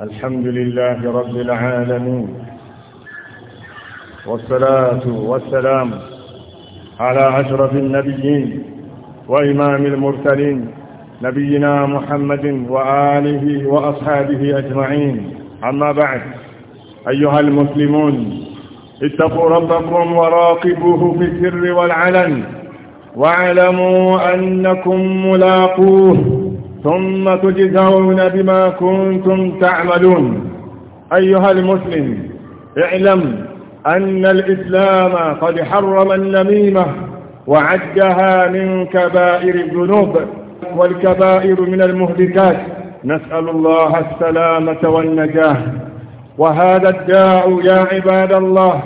الحمد لله رب العالمين والصلاة والسلام على أشرف النبيين وإمام المرسلين نبينا محمد وآله وأصحابه أجمعين أما بعد أيها المسلمون اتقوا ربكم وراقبوه في السر والعلن واعلموا أنكم ملاقوه ثم تجزون بما كنتم تعملون أيها المسلم اعلم أن الإسلام قد حرم النميمة وعدها من كبائر الذنوب والكبائر من المهلكات نسأل الله السلامة والنجاة وهذا الداء يا عباد الله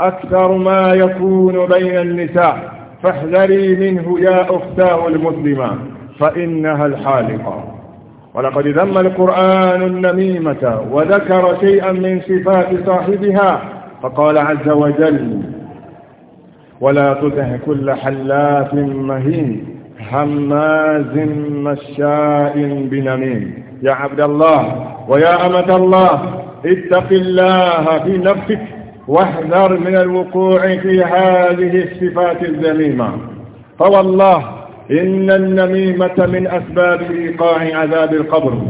أكثر ما يكون بين النساء فاحذري منه يا أختاه المسلمة فإنها الحالقة ولقد ذم القرآن النميمة وذكر شيئا من صفات صاحبها فقال عز وجل ولا تطع كل حلاف مهين هماز مشاء بنميم يا عبد الله ويا أمة الله اتق الله في نفسك واحذر من الوقوع في هذه الصفات الذميمة فوالله إن النميمة من أسباب إيقاع عذاب القبر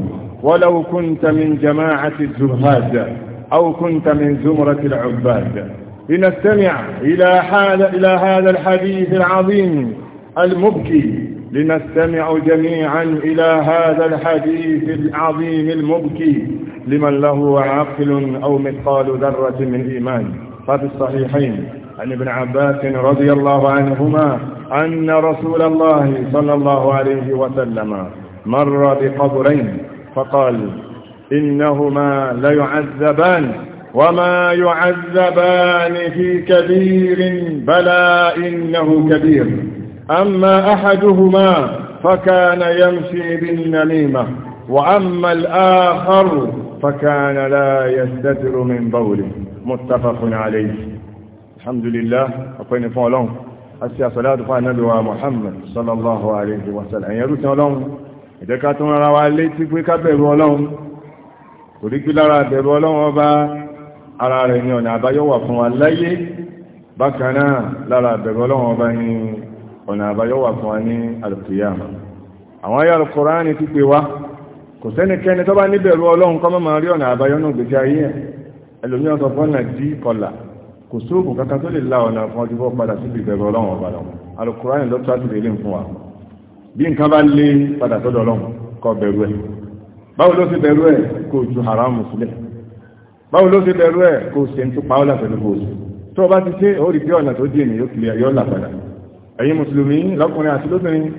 ولو كنت من جماعة الزهاد أو كنت من زمرة العباد لنستمع إلى, حال إلى هذا الحديث العظيم المبكي لنستمع جميعا إلى هذا الحديث العظيم المبكي لمن له عقل أو مثقال ذرة من إيمان ففي الصحيحين عن ابن عباس رضي الله عنهما أن رسول الله صلى الله عليه وسلم مر بقبرين فقال إنهما ليعذبان وما يعذبان في كبير بلى إنه كبير أما أحدهما فكان يمشي بالنميمة وأما الآخر فكان لا يستتر من بوله متفق عليه alhamdulillah ọ̀pẹ́ ni fún ọlọ́run àti àsọ̀láàtù fún anábíwa Muhammad sallallahu alayhi wa sallam ẹ̀yẹrù tí ọlọ́run ìjẹ́ká tó rárá wa lé tí pé ká bẹ̀rù ọlọ́run kò rí lára bẹ̀rù ọlọ́run ọba ara rẹ̀ ni ọ̀nà àbáyọ fún wa láyé bákan lára bẹ̀rù ọlọ́run ọba ni ọ̀nà àbáyọ fún wa ní kò sóògùn kankan tó lè la ọ̀nà fún ọdún fọ́ padà síbi ìbẹ̀rẹ̀ ọlọ́run ọba lọ alukurani ló tọ́jú lè lè fún wa bí nǹkan bá lé padà sọ́dọ̀ ọlọ́run kó bẹ̀rù ẹ̀ báwo ló ti bẹ̀rù ẹ̀ kó ju haramu sílẹ̀ báwo ló ti bẹ̀rù ẹ̀ kó ṣe ń tún paola pẹ̀lú bóòsù tó o bá ti ṣe ó rí pé ọ̀nà tó dìní yóò kìlẹ̀ yóò là padà ẹ̀yin mùsùlùmí lọ́kùnrin àti lóbìnrin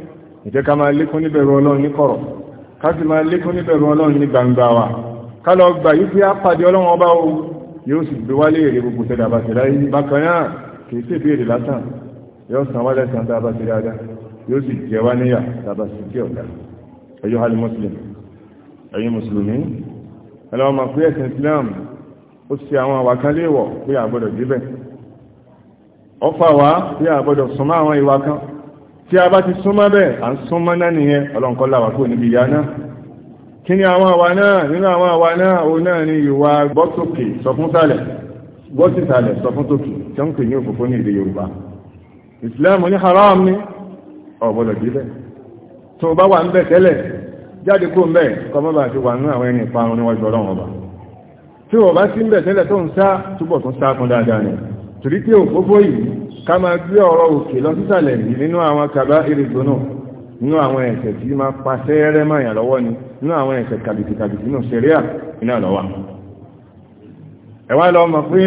ìjẹ́ o yóò sì gbé wálé èrè gbogbo tẹ́lẹ̀ àbàtẹ̀lá yìí bákan náà kìí sí ìbéèrè lásán yóò san wálé san tá a bá ti dáadáa yóò sì jẹ wá níyà tá a bá sì jẹ ọ̀gá ẹ̀yọ́ hali muslim ẹ̀yin mùsùlùmí ẹlọ́wọ́ máa pé ẹ̀sìn islam ó ṣe àwọn àwàkán léèwọ̀ pé àgbọ́dọ̀ débẹ̀ ọfà wá pé àgbọ́dọ̀ súnmọ́ àwọn ìwà kan tí a bá ti súnmọ́ bẹ́ẹ̀ à ń súnmọ́ náà nìyẹn ọlọ́nkọ́lá wà kó níbi ìyá náà kí ni àwọn àwa náà nínú àwọn àwa náà o náà ni ìwà gbọ́sókè sọfúnsàlẹ̀ gbọ́sìsàlẹ̀ sọfúnsókè tí wọ́n pè ní òfófó ní èdè Yorùbá ìsìláàmù ní haram ní ọ̀bọ̀lọ̀ jílẹ̀ tó bá wà ń bẹ̀ tẹ́lẹ̀ jáde kó ń bẹ̀ kọmọ́bà ti wà ní àwọn ẹni ìparun níwájú ọlọ́run ọba tí wọ́n bá sí ń bẹ̀ tẹ́lẹ̀ tó ń sá túbọ̀ kaba irigbónà nínú àwọn ẹ̀ṣẹ̀ tí máa pa sẹ́ẹ̀rẹ́ máa yàn nínú àwọn ẹ̀ṣẹ̀ kàbìtì kàbìtì nínú sẹ̀ríà iná lọ́wà ẹ̀wà lọ mọ̀ pé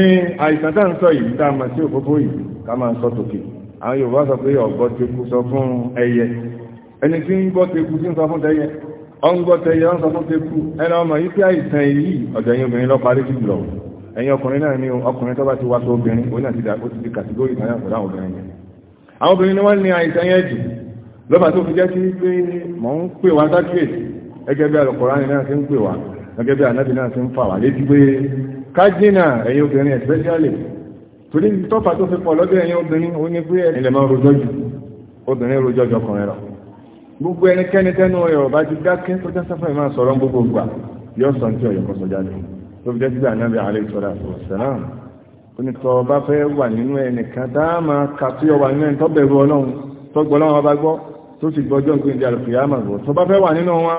àìsàn tá ń sọ yìí tá a mọ̀ sí òfófó yìí ká máa sọ tòkè àwọn Yorùbá sọ pé ọ̀gbọ́ teku sọ fún ẹyẹ ẹni tí ń gbọ́ teku sí ń sọ fún tẹyẹ ọ ń gbọ́ tẹyẹ ọ ń sọ fún teku ẹni ọmọ yìí pé àìsàn yìí ọ̀dọ̀ ẹ̀yin obìnrin lọ parí jù lọ ẹ̀yin ọkùnrin náà ni ọkùnrin tó bá ti wá tó obìnrin ó náà ti dà ó ti di kàtígórì náà pẹ̀lú àwọn obìnrin yẹn àwọn obìnrin ni wọ́n ní àìsàn yẹn jù lọ́bàá tó fi jẹ́ sí pé mọ̀ ń pè wá sákìrèsì gẹ́gẹ́ bí alùkọ̀rán náà ti ń pè wá gẹ́gẹ́ bí anábì náà ti ń fà wá létí pé kájínà ẹ̀yin obìnrin especially torí tọ́fà tó fi pọ̀ lọ́dọ̀ ẹ̀yin obìnrin ó ní pé ẹ̀lẹ̀ máa rojọ́ jù obìnrin rojọ́ jọkùnrin lọ gbogbo ẹnikẹ́ni tẹ́nu ọ̀yọ̀ ọba ti dákẹ́ tó jẹ́ sáfẹ́ máa sọ̀rọ̀ gbogbo gbà yóò sọ tí ọ̀yọ̀ kọsọ jáde tó fi jẹ́ sí ànábì àlẹ́ ìṣọ́ra ọ̀sẹ̀lá ó ní tọ́ ọba fẹ́ ẹni tó bẹ̀rù gbọ́jọ́ gbé ìdí àlùfíà màgbọ́ tó bá fẹ́ wà nínú wọn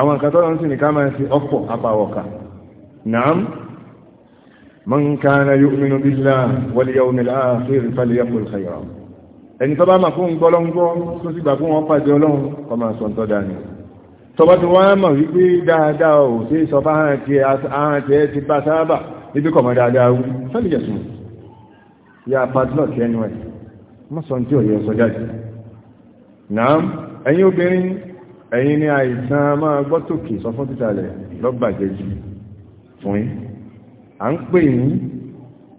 àwọn nǹkan tọ́lọ́ ń sì ní ká máa ṣe ọ̀pọ̀ apáwọ̀ká naam man kana yu'minu billahi wal yawmil akhir falyaqul khayran ẹni tó bá máa fún gbọ́lọ́ngbọ́ tó sì gbà fún wọn pàdé ọlọ́run kọ máa sọ tọ́dá ni tọba tí wọ́n mọ̀ wípé dáadáa ò sí ìsọba ààrùn tí ẹ ti bá ẹnu ẹ̀ mọ́sàn tí ò yẹ sọ jáde náà ẹ̀yin obìnrin ẹ̀yin ni àìsàn máa gbọ́tòkè sọ fún títàlẹ̀ lọ́gbàjẹ́ jù fún yín à ń pè ní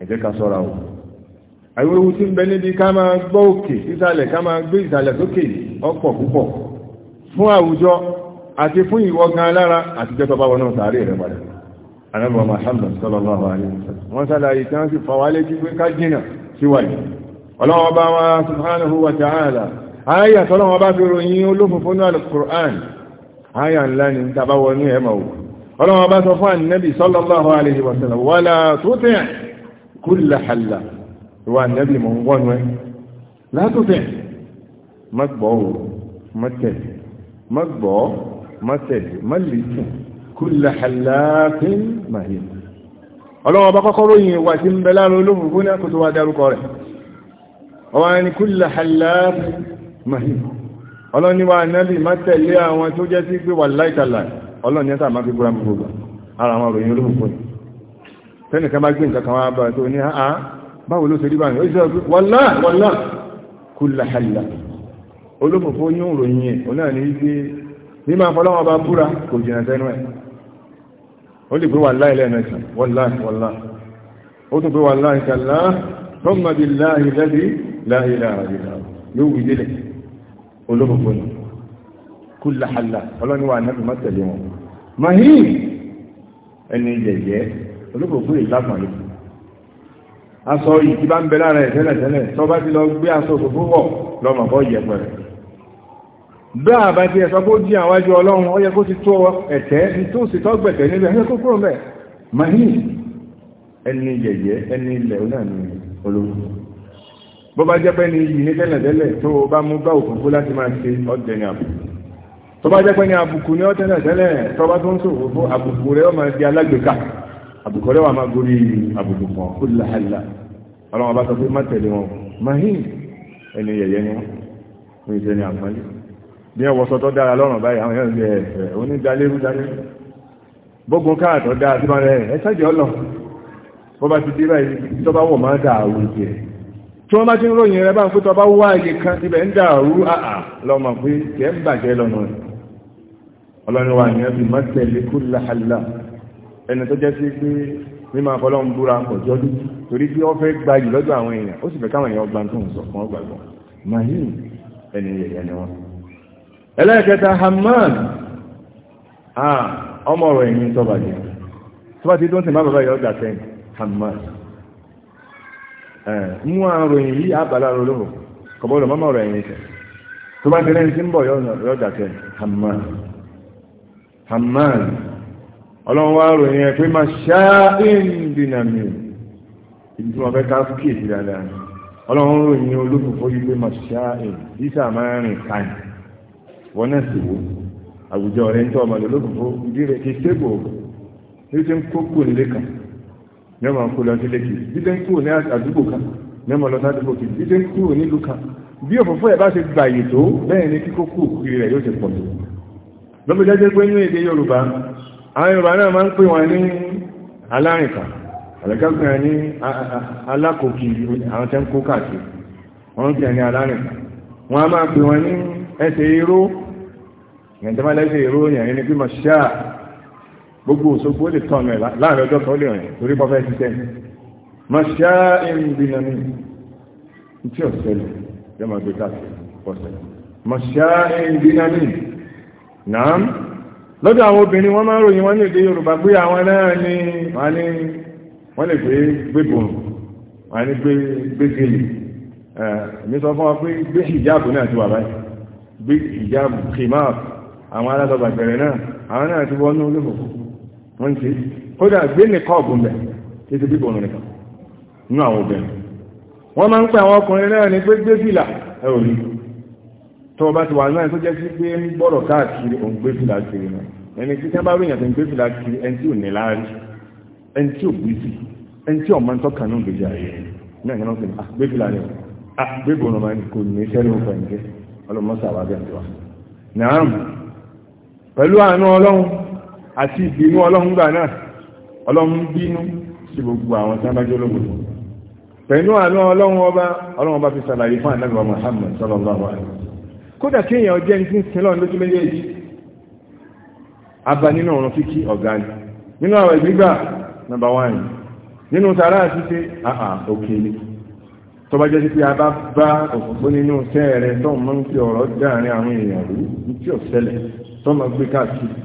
ẹ̀jẹ́ ká sọ́ra o àìwéwu tí ń bẹ níbi ká máa gbọ́ òkè títàlẹ̀ ká máa gbé ìsàlẹ̀ sókè ọ̀pọ̀ púpọ̀ fún àwùjọ àti fún ìwọ gan lára àti jẹ́ tọba wọnà sàárè rẹ̀ padà anábọ̀ Muhammad sallallahu alaihi wasallam wọ́n sálàyé tí wọ́n sì fọwálé jí pé ká jìnà síwáyé ọlọ́wọ́ subhanahu wa ta'ala àyà tọ́lọ́ wọn bá fi ròyìn olófòfó ní alukur'an àyà ńlá ni tàbá wọnú ẹ̀mọ̀ wò ọlọ́wọ́n bá sọ fún ànẹ́bì sallallahu alaihi wa sallam wala tuti' kulla halla ìwà ànẹ́bì mọ̀ ń wọ́nu ẹ̀ látútẹ̀ mọ́gbọ́ ò mọ́tẹ̀ mọ́gbọ́ mọ́tẹ̀ mọ́lìtìn kulla hallafin mahin ọlọ́wọ́n bá kọ́kọ́ ròyìn ni kulla hallafin mahim ọlọ́niwá anábì má tẹ̀lé àwọn tó jẹ́ sí pé wà láìtàlà ọlọ́ni ẹ́sà má fi búra gbogbo ara àwọn òròyìn olóòpọ̀ tẹ́nìkan bá gbé nǹkan kan wá bá tó ní àá báwo ló ṣe rí báyìí ó ṣe ọ̀pẹ́ wọ́lá wọ́lá kúlàhàlà olóòpọ̀ yóò ròyìn ẹ̀ ọ̀nà ní wípé ní máa fọlọ́wọ́ bá búra kò jìnà sẹ́nu ẹ̀ olóògbò ni kúláhàlà ọlọ́niwà náà má tẹ̀lé wọn mahim ẹni yẹ̀yẹ́ olóògbò ìlàpàlẹ̀ aṣọ yìí tí bá ń bẹ lára ẹ̀ tẹ́lẹ̀tẹ́lẹ̀ tó bá ti lọ gbé aṣọ òfófó wọ̀ lọ́mọ bọ́ yẹpẹrẹ bí àbá ti ẹ̀sọ́ kó jí àwájú ọlọ́run ó yẹ kó ti tó ẹ̀tẹ́ tó sì tọ́ gbẹ̀tẹ̀ níbẹ̀ ẹ̀ kó kúrò mẹ́ mahim ẹni yẹ̀yẹ́ ẹni ilẹ̀ onáà ni olóògbò bó bá jẹ́ pẹ́ ní yìí ní tẹ́lẹ̀tẹ́lẹ̀ tó bá mú bá òkùnkú láti máa ṣe ọ̀dẹ̀ ní àbùkù tó bá jẹ́ pẹ́ ní àbùkù ní ọ̀tẹ́lẹ̀tẹ́lẹ̀ tó bá tó ń sòfò fún àbùkù rẹ̀ ọmọ ẹgbẹ́ alágbèéká àbùkù rẹ̀ wà máa gorí àbùkù kan ó làálà ọlọ́run ọba sọ pé má tẹ̀lé wọn mahin ẹni yẹ̀yẹ́ ni wọn ní ìṣẹ́ ni àpọ́nlé bí ẹ wọṣọ tó dára lọ́rùn báyìí àwọn èèyàn ẹ̀ ẹ̀ onídàálérú dálérú bógun káàtọ̀ dáa sí máa rẹ̀ ẹ̀ tí wọ́n bá ti ń ròyìn rẹ bá ń pẹ́ tọba wá iye kan ibẹ̀ ń dàrú àà lọ́mọ pé kẹ́ ń bàjẹ́ lọ́nà rẹ̀ ọlọ́run wa ìyẹn fi má tẹ̀lé kó láhàlá ẹni tó jẹ́ sí pé mímọ akọlọ́run búra kọ̀ jọ́dún torí pé wọ́n fẹ́ gba yìí lọ́dọ̀ àwọn èèyàn ó sì fẹ́ káwọn èèyàn gba tó ń sọ fún ọgbà gbọ́ mahim ẹni yẹ̀yẹ̀ ni wọn. ẹlẹ́ẹ̀kẹta Haman ọmọ ọ̀rọ̀ ẹ̀yìn tọ́bàjẹ́ tọ́bàjẹ́ tó ń sìn má bàbá yọ̀ ọ́ mú àwọn ròyìn yìí àbàlá olóhùn kọ̀bọ́lọ̀ mọ́mọ́ rẹ̀ yìí tẹ̀ tó bá tẹ́lẹ̀ tí ń bọ̀ yọ̀dà tẹ̀ Hamman Hamman ròyìn ẹ̀ pé máa ṣááín dínàmì ibi tí wọ́n fẹ́ ká kí ìdí ní ọmọ kó lọ sí lẹ́kì dídé ń kúrò ní àdúgbò kan ní ọmọ lọ sí àdúgbò kì dídé ń kúrò nílùú kan bí òfófó ẹ̀ bá ṣe gbàyè tó bẹ́ẹ̀ ni kíkó kú kiri rẹ̀ yóò ṣe pọ̀ tó lọ́pọ̀ jẹ́jẹ́ pé ní èdè Yorùbá àwọn Yorùbá náà máa ń pè wọn ní alárìnkà àlẹ́kàkùn ẹ̀ ní alákòókì àwọn tẹ́ ń kó káàkiri wọ́n ń pè ní alárìnkà wọ́n á máa pè wọn ní ẹsẹ̀ ìró ìyẹn tẹ́mọ́lẹ́sẹ̀ ìró yẹn ní pí mọ̀ ṣáà gbogbo òṣogbo ó lè tọ́nu ẹ̀ láàrin ọjọ́ kan ó lè rìn torí pọ́fẹ́ ṣiṣẹ́ mọ̀ṣá ìrìnbìnàmí tí ọ̀sẹ̀ lè yọ máa gbé káàkiri ọ̀sẹ̀ mọ̀ṣá ìrìnbìnàmí náà lọ́dọ̀ àwọn obìnrin wọ́n máa ń ròyìn wọ́n lè dé Yorùbá pé àwọn náà ni wọ́n lè gbé gbébùn wọ́n ní gbé gèlè èmi sọ fún wa pé gbé ìjáàbù náà ti wà báyìí gbé ìjáàbù kìmáà àwọn alátọ̀bàgbẹ̀rẹ̀ náà àwọn náà ti wọ́n ní olóòkùnkùn wọ́n ṣe kódà gbé nìkan ọ̀gùn bẹ̀ títí bíbọ̀ ọ̀nà nìkan nínú àwọn obìnrin wọ́n máa ń pè àwọn ọkùnrin náà ní pé gbé fìlà ẹ̀rọ ní tó bá ti wà náà tó jẹ́ sí pé ń gbọ́dọ̀ káàkiri òun gbé fìlà kiri náà ẹni tí sábà rí ìyàtọ̀ ń gbé fìlà kiri ẹni tí ò ní láàárí ẹni tí ò gbé sí ẹni tí ọ̀mọ́ ń tọ́ka náà gbèjì ààyè náà yẹn náà fi gbé rẹ̀ ah, gbé bọ̀rọ̀ máa kò ní sẹ́rí òun pẹ̀lú ọlọ́mọ́sà wà bẹ́ẹ̀ tó wà. pẹ̀lú àánú ọlọ́run àti ìbínú ọlọ́run gbà náà ọlọ́run bínú sí gbogbo àwọn tí wọ́n bá jẹ́ ológun pẹ̀lú àánú ọlọ́run ọba ọlọ́run ọba fi sàlàyé fún ànábì Muhammad sallallahu alaihi kódà kí èèyàn jẹ́ ní sin lọ́run lójú méjèèjì abà nínú ọ̀run kíkí ọ̀gá ni nínú àwọn ìgbígbà nàbà wáyé nínú tààrà àti ṣe àà òkè ni tó bá jẹ́ sí pé a bá bá òfófó nínú sẹ́ẹ̀rẹ̀ tó mọ́ ń fi ọ̀rọ̀ dáàrin àwọn èèyàn rú ní tí ò ṣẹlẹ̀ tó mọ́ gbé káàkiri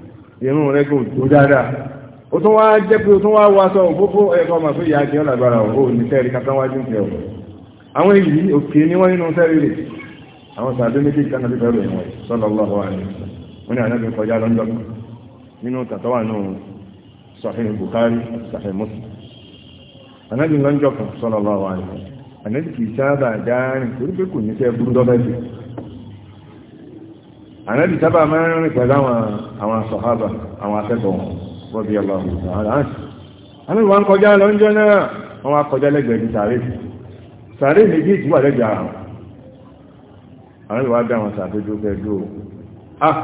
irun rẹ kò tó dáadáa ó tún wá jẹ́ pé ó tún wá wá sọ òfófó ẹ̀kọ́ ọmọ fún ìyá jẹ́ ọ̀làgbára ò ní fẹ́ẹ̀rí kankan wájú ń fẹ́ ọ̀rọ̀ àwọn èyí òkè ní wọ́n nínú fẹ́ẹ̀rí rẹ̀ àwọn sàdé méjì kan àti fẹ́ẹ̀rẹ̀ wọn sallallahu alaihi wọn ni ànábì kọjá lọ́ńdọ́ nínú tàtọ́wà náà Sahih Bukhari Sahih Muslim ànábì lọ́ńdọ́ kan sallallahu alaihi ànábì kì í sábà dáa ní torí pé kò ní fẹ́ burú dọ́fẹ́ sí ànábì sábà máa ń rìn pẹ̀lú àwọn sọ̀hábà àwọn akẹ́kọ̀ọ́ wọn rọ́bí ọlọ́run ànábì wọn kọjá lọ́njọ́ náà wọ́n wá kọjá lẹ́gbẹ̀ẹ́ ní sàárè sàárè méjì ìtúwà lẹ́gbẹ̀ẹ́ àwọn ànábì wá dá wọn sàárè tó fẹ́ dúró ah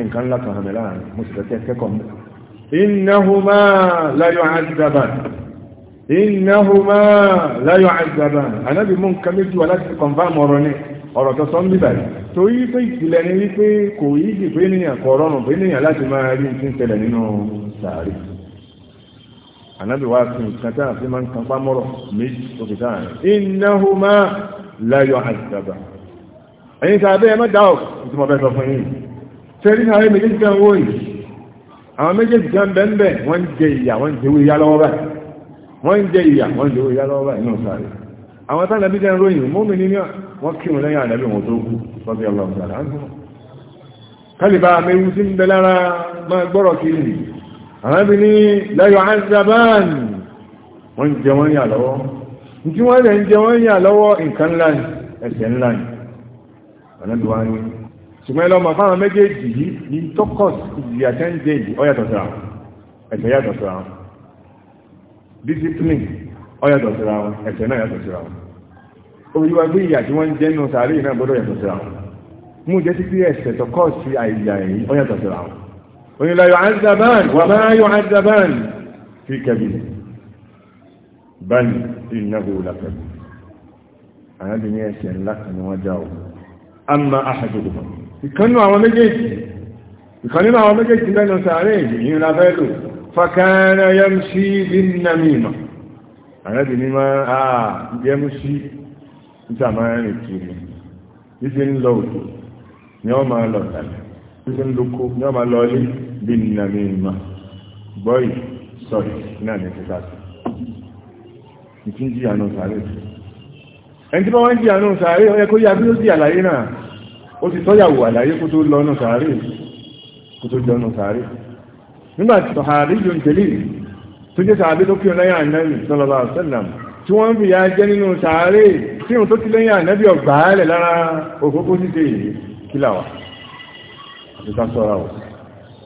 nǹkan ńlá kan hàn láàrin mo sì fẹ́ kẹ́kọ̀ọ́ mú innahuma la yu'azzaban innahuma la yu'azzaban ànábì mú nǹkan méjì wà láti kọ̀ǹfà mọ̀rọ̀ ni ọ̀rọ̀ tó ń torí pé ìpìlẹ̀ ni wípé kò yí sì pé ènìyàn kò rọrùn pé ènìyàn láti máa rí ní tẹ́lẹ̀ nínú sàárè ànábìwá fi nǹkan tá à fi máa ń kan pámọ́rọ̀ méjì òkè sáà innahuma la yu'azzaba ẹ̀yin sàbẹ́ ẹ má dá ọ̀ tí mo bẹ́ sọ fún yín tẹ́lí sàárè méjèèjì kan wó yìí àwọn méjèèjì kan bẹ́ẹ̀ bẹ́ẹ̀ wọ́n ń jẹ ìyà wọ́n ń jẹ ìyà lọ́wọ́ lọ́wọ́ báyìí àwọn tánà bí jẹ́ ròyìn mọ́mí ní wọ́n kírùn lẹ́yìn ànẹ́bí wọn tó kú lọ́bí ọlọ́run tààrà ń gbọ́n kálìbà mẹ́rin tí ń bẹ lára máa gbọ́rọ̀ kiri nì ànábì ní lẹ́yọ̀ azabán wọ́n jẹ wọ́n yà lọ́wọ́ tí wọ́n lẹ́ ń jẹ wọ́n yà lọ́wọ́ nǹkan ńlá ni ẹ̀ṣẹ̀ ńlá ni ànábì wá ní ṣùgbọ́n ẹlọ́ discipline ọ yàtọ̀ síra wọn ẹ̀ṣẹ̀ náà yàtọ̀ síra wọn olùwà gbé ìyà tí wọ́n ń jẹ́ nínú sàárè náà gbọ́dọ̀ yàtọ̀ síra wọn mú jẹ́ títí ẹ̀ṣẹ̀ tó kọ́ sí àìyà yìí ọ yàtọ̀ síra wọn onílà yọ azaban wà má yọ azaban fi kẹbi ìnáwó làkẹbi àyàbí ẹ̀ṣẹ̀ ńlá kan wọ́n já o amma ahaduhuma ìkànnù àwọn méjèèjì ìkànnù àwọn méjèèjì lẹ́nu sàárè yìí ń labẹ́lò fakana yamshi bin namima àrẹ́bì ní máa àà yẹmú sí níta máa ń rìn kiri bí ṣe ń lọ òjò ni wọ́n máa lọ tàbí bí ṣe ń lóko ni wọ́n máa lọ ilé bí nínú àmì ìmọ̀ gbọ́yì sọ̀rọ̀ náà ní kíkà sí ìtí ń jìyà náà sáré ẹni tí wọ́n ń jìyà náà sáré ó yẹ kó yá bí ó jìyà láyé náà ó ti tọ́yàwó àlàyé kó tó lọ náà sáré kó tó jọ náà sáré nígbà tí sọ̀hàrí yóò ń tẹ̀lé tó jẹ́ sàábé tó kí lẹ́yìn ànábì sallallahu alaihi wasallam tí wọ́n fi ya jẹ́ nínú sàárè tí wọ́n tó kí lẹ́yìn ànábì ọ̀gbàálẹ̀ lára òkókó síse yìí kí làwà àtúntà sọ́ra ọ̀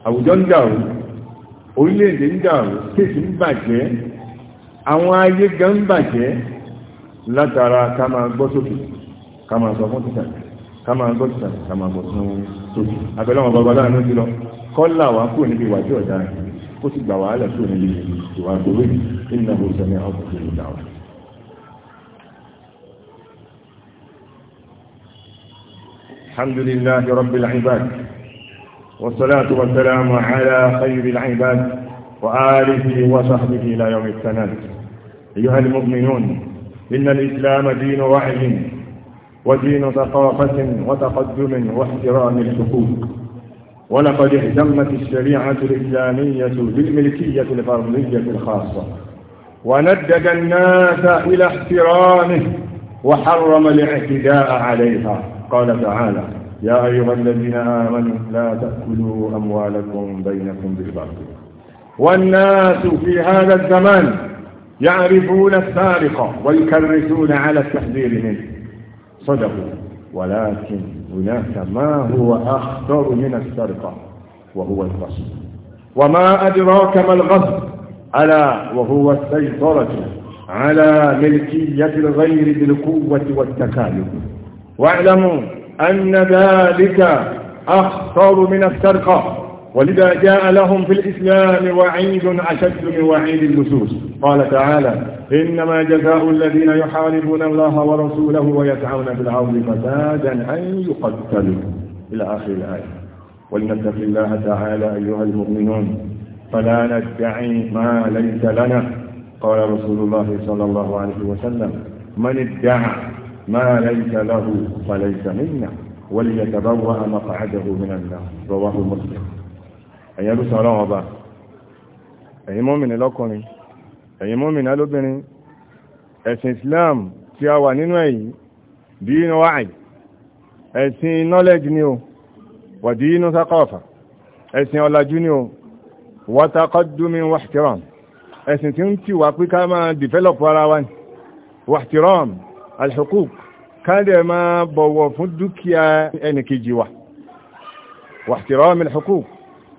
àwùjọ ń orílẹ̀-èdè ń dàrú kéèsì ń bàjẹ́ àwọn ayé gan ń bàjẹ́ látara ká máa gbọ́ sókè ká máa sọ fún títà ká máa gbọ́ títà ká máa gbọ́ fún kó sì سنة wàhálà tó إنه ìwà àgbòrò الدعوة الحمد لله رب العباد والصلاة والسلام على خير العباد وآله وصحبه إلى يوم الثناء أيها المؤمنون إن الإسلام دين وعي ودين ثقافة وتقدم واحترام الحقوق ولقد اهتمت الشريعة الإسلامية بالملكية الفردية الخاصة وندد الناس إلى احترامه وحرم الاعتداء عليها قال تعالى يا أيها الذين آمنوا لا تأكلوا أموالكم بينكم بالباطل والناس في هذا الزمان يعرفون السارقة ويكرسون على التحذير منه صدقوا ولكن هناك ما هو أخطر من السرقة وهو الغصب وما أدراك ما الغصب ألا وهو السيطرة على ملكية الغير بالقوة والتكالب واعلموا أن ذلك أخطر من السرقة ولذا جاء لهم في الإسلام وعيد أشد من وعيد اللصوص قال تعالى إنما جزاء الذين يحاربون الله ورسوله ويسعون في العرض فسادا أن يقتلوا إلى آخر الآية ولنتق الله تعالى أيها المؤمنون فلا ندعي ما ليس لنا قال رسول الله صلى الله عليه وسلم من ادعى ما ليس له فليس منا وليتبوأ مقعده من النار رواه مسلم ẹ̀yin ẹrú san ọlọ́run ọba ẹ̀yin mọ́mìnì lọ́kùnrin ẹ̀yin mọ́mìnì lóbìnrin ẹ̀sìn Islam tí a wà nínú ẹ̀yìn dínú wáì ẹ̀sìn knowledge ni o wà dínú sákọ̀ọ̀fà ẹ̀sìn ọ̀làjú ni o wátàkọ́dúnmí wàhtíràn ẹ̀sìn tí ń tí wà pí ká máa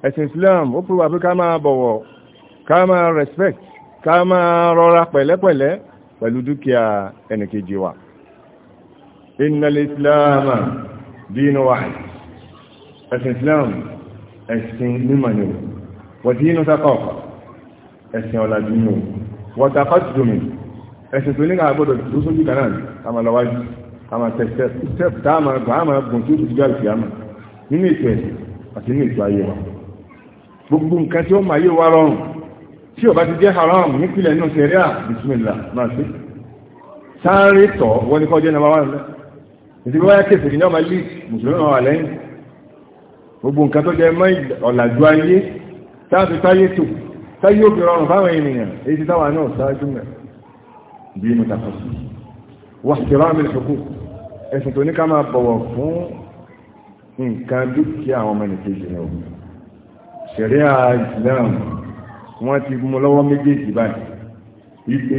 ẹ̀sìn Islam ó púpà pé ká máa bọ̀wọ̀ ká máa respect ká máa rọra pẹ̀lẹ́pẹ̀lẹ́ pẹ̀lú dúkìá ẹnìkejì wa innal Islam dínú wa ẹ̀sìn Islam ẹ̀sìn mímọ̀ ni o wọ́n ti yínú sákọ̀ ẹ̀sìn ọ̀làjú ni o wọ́n ta fásitì ẹ̀sìn tó ní ká gbọ́dọ̀ tó sójú kan náà ká gbogbo nǹkan tí ó máa yé wa rọrùn tí ó bá ti jẹ́ haram nípìnlẹ̀ inú sẹ̀ríà bisimilá máa ṣe sáré tọ̀ wọ́n ní kọjá nàbà wọn lẹ́ ìdíbí wáyà kẹsì ní ọmọ lè mùsùlùmí náà wà lẹ́yìn gbogbo nǹkan tó jẹ mọ́ ọ̀làjú ayé táàbí táyé tò táyé òkè rọrùn fáwọn ènìyàn èyí ti táwà náà sáájú mẹ́ bí mo ta kọsí wà sí rámi lẹ́kọ̀ọ́ ẹ̀sìn tó ní ká máa bọ̀wọ̀ fún nǹkan dúkìá àwọn ọmọ nìkejì náà ṣẹ̀ríà Islam wọ́n ti mú lọ́wọ́ méjèèjì báyìí wípé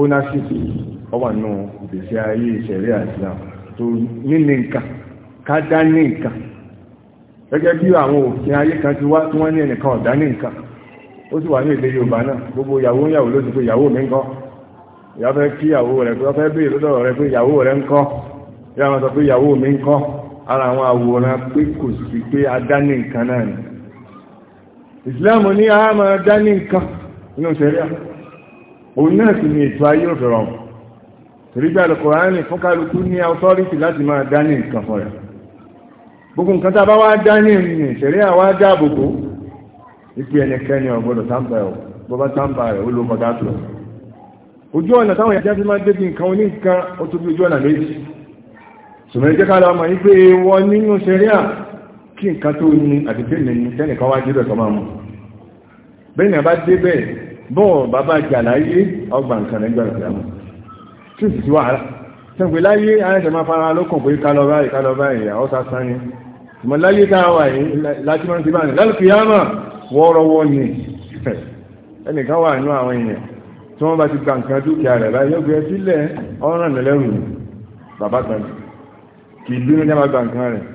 ownership ọwà náà ìgbésí ayé ṣẹ̀ríà Islam tó nílé nǹkan ká ní nǹkan gẹ́gẹ́ bí àwọn òfin ayé kan ti wá tí wọ́n ní ẹnìkan ọ̀dá ní nǹkan ó sì gbogbo ìyàwó ń yàwó ló pé ìyàwó mi ń kọ́ fẹ́ kí ìyàwó rẹ̀ pé ọfẹ́ lọ́dọ̀ rẹ̀ pé ìyàwó rẹ̀ ń kọ́ sọ pé ìyàwó mi ń kọ́ ara àwọn àwòrán pé ìsìláàmù ní a máa dá ní nǹkan inú sẹ́ríà òun náà sì ni ètò ayé òfin rọrùn torígbà al fún kálukú ní authority láti máa dá ní nǹkan fọ́ra gbogbo nǹkan tá bá wá dá ní ìrìn sẹ́ríà wá dáàbò bò ẹnikẹ́ni ọ̀gbọ́dọ̀ tàǹbà ẹ̀ bọ́ tàǹbà ẹ̀ ó tó ojú ọ̀nà táwọn ìyájá fi máa débi nǹkan ó bí ojú ọ̀nà méjì kí nǹkan tó ní àdìgbé mi ní tẹ́nìkan wá débẹ̀ kọ́ máa mú bẹ́ẹ̀ ni a bá débẹ̀ bọ́ọ̀ bàbá jà láyé ọgbà nǹkan nígbà ìgbàmù tí sì sí wàhálà tẹ́gbẹ̀ láyé ayẹ́sẹ̀ máa fara lókùn pé ká lọ báyìí ká lọ báyìí àwọn sásán ni mọ̀ láyé táwà yìí láti mọ́ sí báyìí lálùkì yámà ni ẹnìkan wà nínú àwọn èèyàn tí wọ́n bá ti gba nǹkan dúkìá rẹ̀ láyé ó gbé sílẹ̀ ọ̀ràn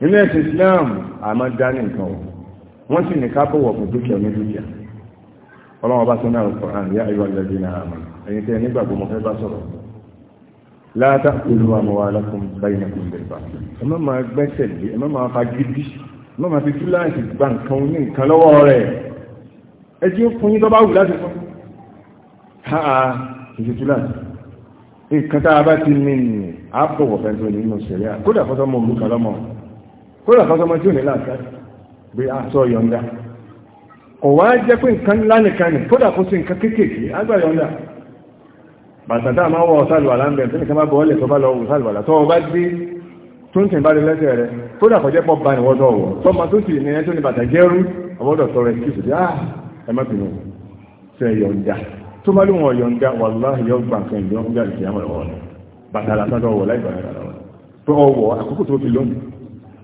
nínú ẹ̀sìn Islam àmọ́ dání nǹkan wọ̀ wọ́n sì ní kápọ̀ wọ̀ fún dúkìá ní dúkìá ọlọ́wọ́n bá sọ náà kọ̀ hàn yá ayọ́ alẹ́bí náà àmọ́ ẹ̀yin tẹ́ nígbàgbọ́ mo fẹ́ bá sọ̀rọ̀ láàtà ìlú àmọ́ wa alákùn báyìí náà kùn bẹ̀rẹ̀ bá ẹ má máa gbẹ́sẹ̀ lé ẹ má máa fa gidi ẹ má máa fi túláàsì gba nǹkan ní nǹkan lọ́wọ́ rẹ̀ ẹ ti ń fún yín tó bá wù láti fún ha ìfi túláàsì nǹkan tá a bá ti ní ni àbọ̀wọ̀ fẹ́ tó nínú sẹ̀ríà kódà fọ́tọ́ mọ̀ òrùka lọ́mọ kódà sọ́sọ́mọ tí ò ní láàká bí a sọ yọ̀ǹda kò wá jẹ́ pé nǹkan ńlá nìkan ni kódà kó sí nǹkan kéékèèké á gbà yọ̀ǹda bàtà tá a máa wọ ọ̀sálùwà láńbẹ̀ tí nìkan bá bọ́ ọ̀lẹ̀ tó bá lọ wọ ọ̀sálùwà látọ́ ọ bá gbé tó ń tẹ̀ bá lẹ́sẹ̀ rẹ̀ kódà kọjẹ́ pọ̀ bá ìwọ́dọ̀ wọ̀ tọ́mọ tó sì ní ẹ tó ní bàtà jẹ́rú ọwọ́dọ̀ sọ̀rọ̀ ìkíṣù bí ah ẹ má bínú ṣe yọ̀ǹda tó bá lóun ọ̀yọ̀ǹda wàláhì yọ gbà nǹkan ìjọ ń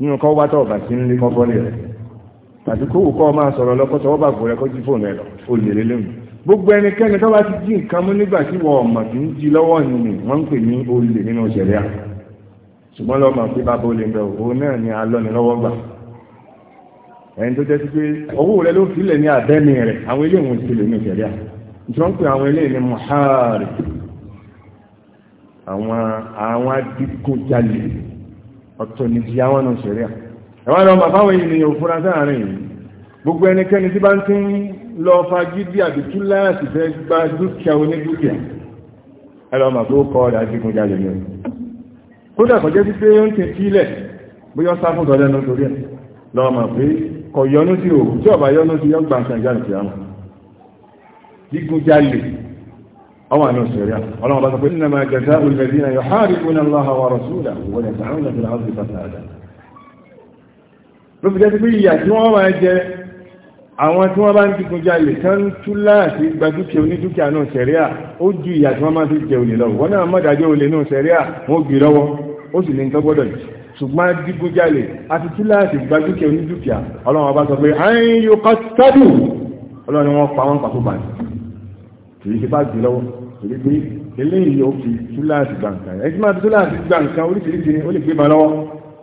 nínú kọ́ wá tọ́ọ̀bà sí ń lé kọ́bọ́lẹ̀ rẹ̀ tàbí kó wù kọ́ ọ máa sọ̀rọ̀ lọ́kọ́ tọwọ́ bà kò rẹ kó jí fóònù ẹ lọ ó lè lé lẹ́nu gbogbo ẹnikẹ́ni tó bá ti jí nǹkan mú nígbà tí wọ́n ọ̀mọ̀ tí ń jí lọ́wọ́ nìyí wọ́n ń pè ní olè nínú ìṣẹ̀lẹ̀ à ṣùgbọ́n lọ́mọ pé bàbá olè ń bẹ òun náà ni alọ́ni lọ́wọ́ gbà ẹni tó jẹ́ sí pé owó rẹ ló filẹ̀ ní abẹ́mi rẹ̀ àwọn ilé ìwọ̀n ìṣẹ̀lẹ̀ ní ìṣẹ̀lẹ̀ à nítorí wọ́n pe àwọn ilé ní muhari àwọn àwọn adigunjalè ọ̀tọ̀ ní ti yáwọn náà ṣẹ̀rí à ẹ̀wọ́n lọ bàbá àwọn ènìyàn òfúra sáàárín yìí gbogbo ẹnikẹ́ni tí bá ń tí ń lọ fagídí àbí túláàsì fẹ́ gba dúkìá onídúkìá ẹ lọ mà tó kọ́ ọ̀dà adigunjalè ni kódà kọjá sí pé ó ń tẹ̀ sílẹ̀ bóyá sáfù tọ́lẹ́ ní torí ẹ̀ lọ mà pé kọ̀ sí òkú tí ọ̀bà yọnú sí yọ́gbà àṣà ìjà أو àná òṣèré ọlọ́run bá sọ pé innama jaza'u alladhina yuharibuna Allaha wa rasulahu wa yas'una fil ardi fasada ló fi jẹ́ sí pé ìyà tí wọ́n máa jẹ àwọn tí wọ́n bá ń dìkun jalè tán tú láti gba dúkìá onídúkìá náà ṣẹ̀ríà ó ju ìyà tí wọ́n máa fi jẹ olè lọ wọ́n náà mọ́dájọ́ olè náà ṣẹ̀ríà wọ́n gbé lọ́wọ́ ó sì ní nǹkan gbọ́dọ̀ yìí ṣùgbọ́n dìkun jalè àti tú láti gba dúkìá onídúkìá ọlọ́run ọba sọ pé àyìn yóò kọ́ tọ́dù ọlọ́run wọn pa wọn pàtó bàtì kìí ṣe bá jù lọ́wọ́ torí pé eléyìí ó fi túláàsì gbàǹkan ẹ̀ tí máa fi túláàsì gbàǹkan oríṣiríṣi ó lè gbé ma lọ́wọ́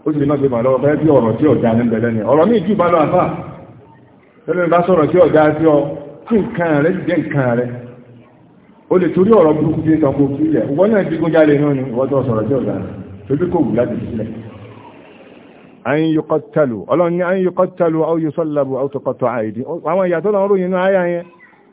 ó sì lè má gbé ma lọ́wọ́ bẹ́ẹ̀ bí ọ̀rọ̀ tí ọ̀dà ní bẹ̀rẹ̀ ni ọ̀rọ̀ míì jù bá lọ àfà tẹ́lẹ̀ bá sọ̀rọ̀ tí ọ̀dà sí ọ kí nǹkan rẹ̀ jẹ́ nǹkan rẹ̀ ó lè torí ọ̀rọ̀ burúkú tí kan kó sílẹ̀ wọ́n náà digun jáde náà ni wọ́n tó sọ̀rọ̀ tí ọ̀dà torí kò wù láti sílẹ̀ ayin yukọtalu ọlọ́run ni ayin yukọtalu aw yusọ́labu aw tukọtọ̀ àìdí àwọn ìyàtọ̀ náà ròyìn náà ayá yẹn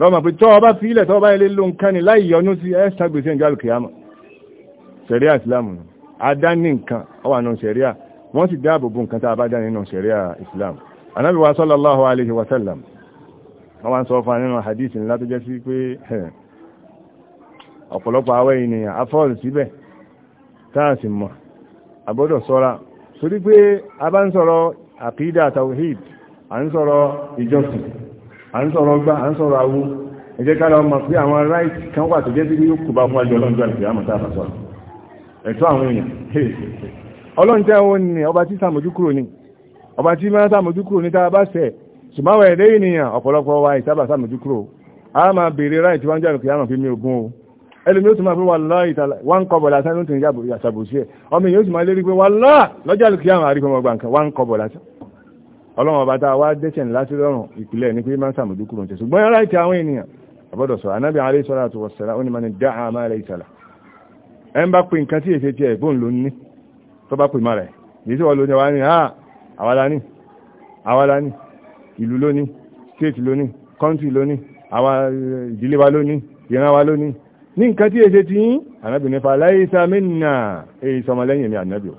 lọ́mọ̀ pé tọ́ ọba fílẹ̀ tọ́ ọba ilé ló ń kán ni láì yọnú sí ẹ́sà gbèsè ìjọ alùkìyàmọ̀ sẹ̀ríà ìsìláàmù ni adá ní nǹkan ọwà nù sẹ̀ríà wọ́n sì dáàbò bo nǹkan tá a bá dá nínú sẹ̀ríà ìsìláàmù anábì wa sallallahu alaihi wa sallam wọ́n wá ń sọ fún wa à ń sọ̀rọ̀ gbá à ń sọ̀rọ̀ awú ẹ jẹ́ ká lọ mọ̀ pé àwọn ráìtì kan wà tó jẹ́ sí yóò kó bá fún ajọ́ ọlọ́njọ́ àti àmọ́ tá a fà sọ̀rọ̀ ẹ̀tọ́ ni ọba tí sàmójú ni ọba tí máa sàmójú kúrò ní tá a wa ìsábà sàmójú kúrò a máa bèèrè ráìtì wọ́n jẹ́ àrùkì àrùn fi mi ògún o ẹlùmí ó tún máa pé wàláì tààlà wọ́n kọbọ̀ lásán ló tún yàtàbò sí ẹ̀ ọmọ èèyàn ó tún máa lérí pé wàláà lọ́jà àrùkì àrùn àríkọmọgbà nǹkan wọ́n kọbọ̀ lásán ọlọ́run ọba tá wá dẹ́sẹ̀ láti rọrùn ìpìlẹ̀ ní pé máa ń sàmójúkúrò tẹ̀ ṣùgbọ́n yọ́n láìtì àwọn ènìyàn àbọ́dọ̀ sọ anábì alayhi salatu wassalam ó ní mani dá àmà rẹ̀ ìsàlà ẹ ń bá pè nǹkan tí èsì tiẹ̀ bóun ló ní tó bá pè má rẹ̀ èyí tí wọ́n ló ní wa ní àwa la ní àwa la ní ìlú ló stéètì ló kọ́ńtì ló àwa ìdílé wa ló ìran wa ló ní nǹkan tí èsì tí yín ànábì nípa láyé èyí sọmọlẹ́yìn mi ànábì ò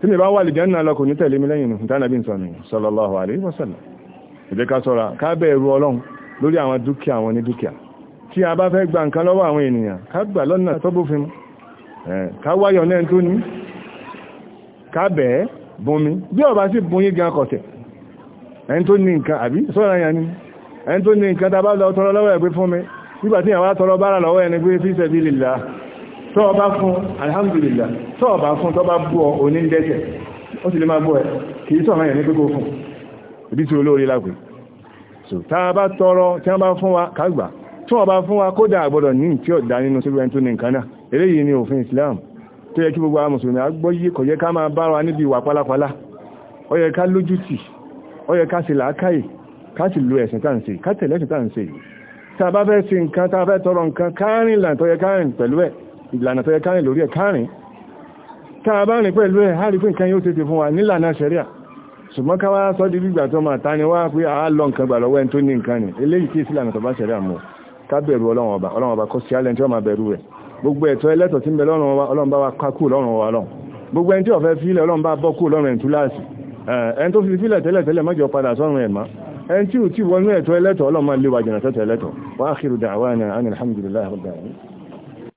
tí mi bá wà lè jẹ́nà lọ kò ní tẹ̀lé mi lẹ́yìn nù tánàbí sọ̀nù sallallahu alaihi wasallam ìbẹ́ka sọ́ra ká bẹ̀rù ọlọ́run lórí àwọn dúkìá wọn ní dúkìá tí a bá fẹ́ gba nǹkan lọ́wọ́ àwọn ènìyàn ká lọ́nà tó bófin náà tó ní ká bẹ̀ẹ́ bí ọba sí bùn gan kọ̀tẹ̀ ẹni tó ní nǹkan àbí sọ́ra yẹn ni ẹni tó ní nǹkan tá a bá lọ tọrọ lọ́wọ́ ẹ̀ pé fún mi nígbà tí àwọn tọrọ bára lọ́wọ́ ẹni pé fíṣẹ́ bí lè la tó ọba fún alhamdulillah tó ọba fún tó bá bú ọ oníndẹ́sẹ̀ ó sì lè máa bú ẹ kì í sọ̀rọ̀ yẹn ní pípò fún so tá a bá tọrọ wa kágbà tí wọ́n wa kódà àgbọ́dọ̀ ní tí ọ̀dá nínú sílùú ẹni tó ní nǹkan Islam tó yẹ kí gbogbo àwọn mùsùlùmí agbóyí kò yẹ ká máa bára níbi ìwà pálapàla ó yẹ ká lójútì ó yẹ ká sì làákàyè ká sì lo ẹ̀sìn tá à ń ṣe ká tẹ̀lé ẹ̀sìn tá à ń ṣe tá fẹ́ ṣe nǹkan tá fẹ́ tọrọ nǹkan káàrin tó yẹ káàrin pẹ̀lú ẹ̀ ìlànà tó yẹ kárìn lórí ẹ̀ kárìn káà bá rìn pẹ̀lú ẹ̀ á rí pé nǹkan yóò tètè fún wa nílànà ṣẹ̀ríà ṣùgbọ́n ká wá sọ́ di gbígbà tó máa ta ni wá pé àá lọ nǹkan gbà lọ́wọ́ ẹni tó ní nǹkan ni eléyìí kí ìsìlànà tó bá ṣẹ̀ríà mú ká bẹ̀rù ọlọ́run ọba ọlọ́run ọba kó sí alẹ́ tí wọ́n máa bẹ̀rù rẹ̀ gbogbo ẹ̀tọ́ ẹlẹ́tọ̀ tí ń bẹ lọ́rùn wa ọlọ́run bá wa ká kú lọ́rùn wa lọ́rùn gbogbo ẹni tí ò tí wọnú ẹ̀tọ́ ẹlẹ́tọ̀ ọlọ́run máa lé wa jìnà tẹ́tọ̀ ẹlẹ́tọ̀ wa akhiru da'wana anil hamdulillahi rabbil alamin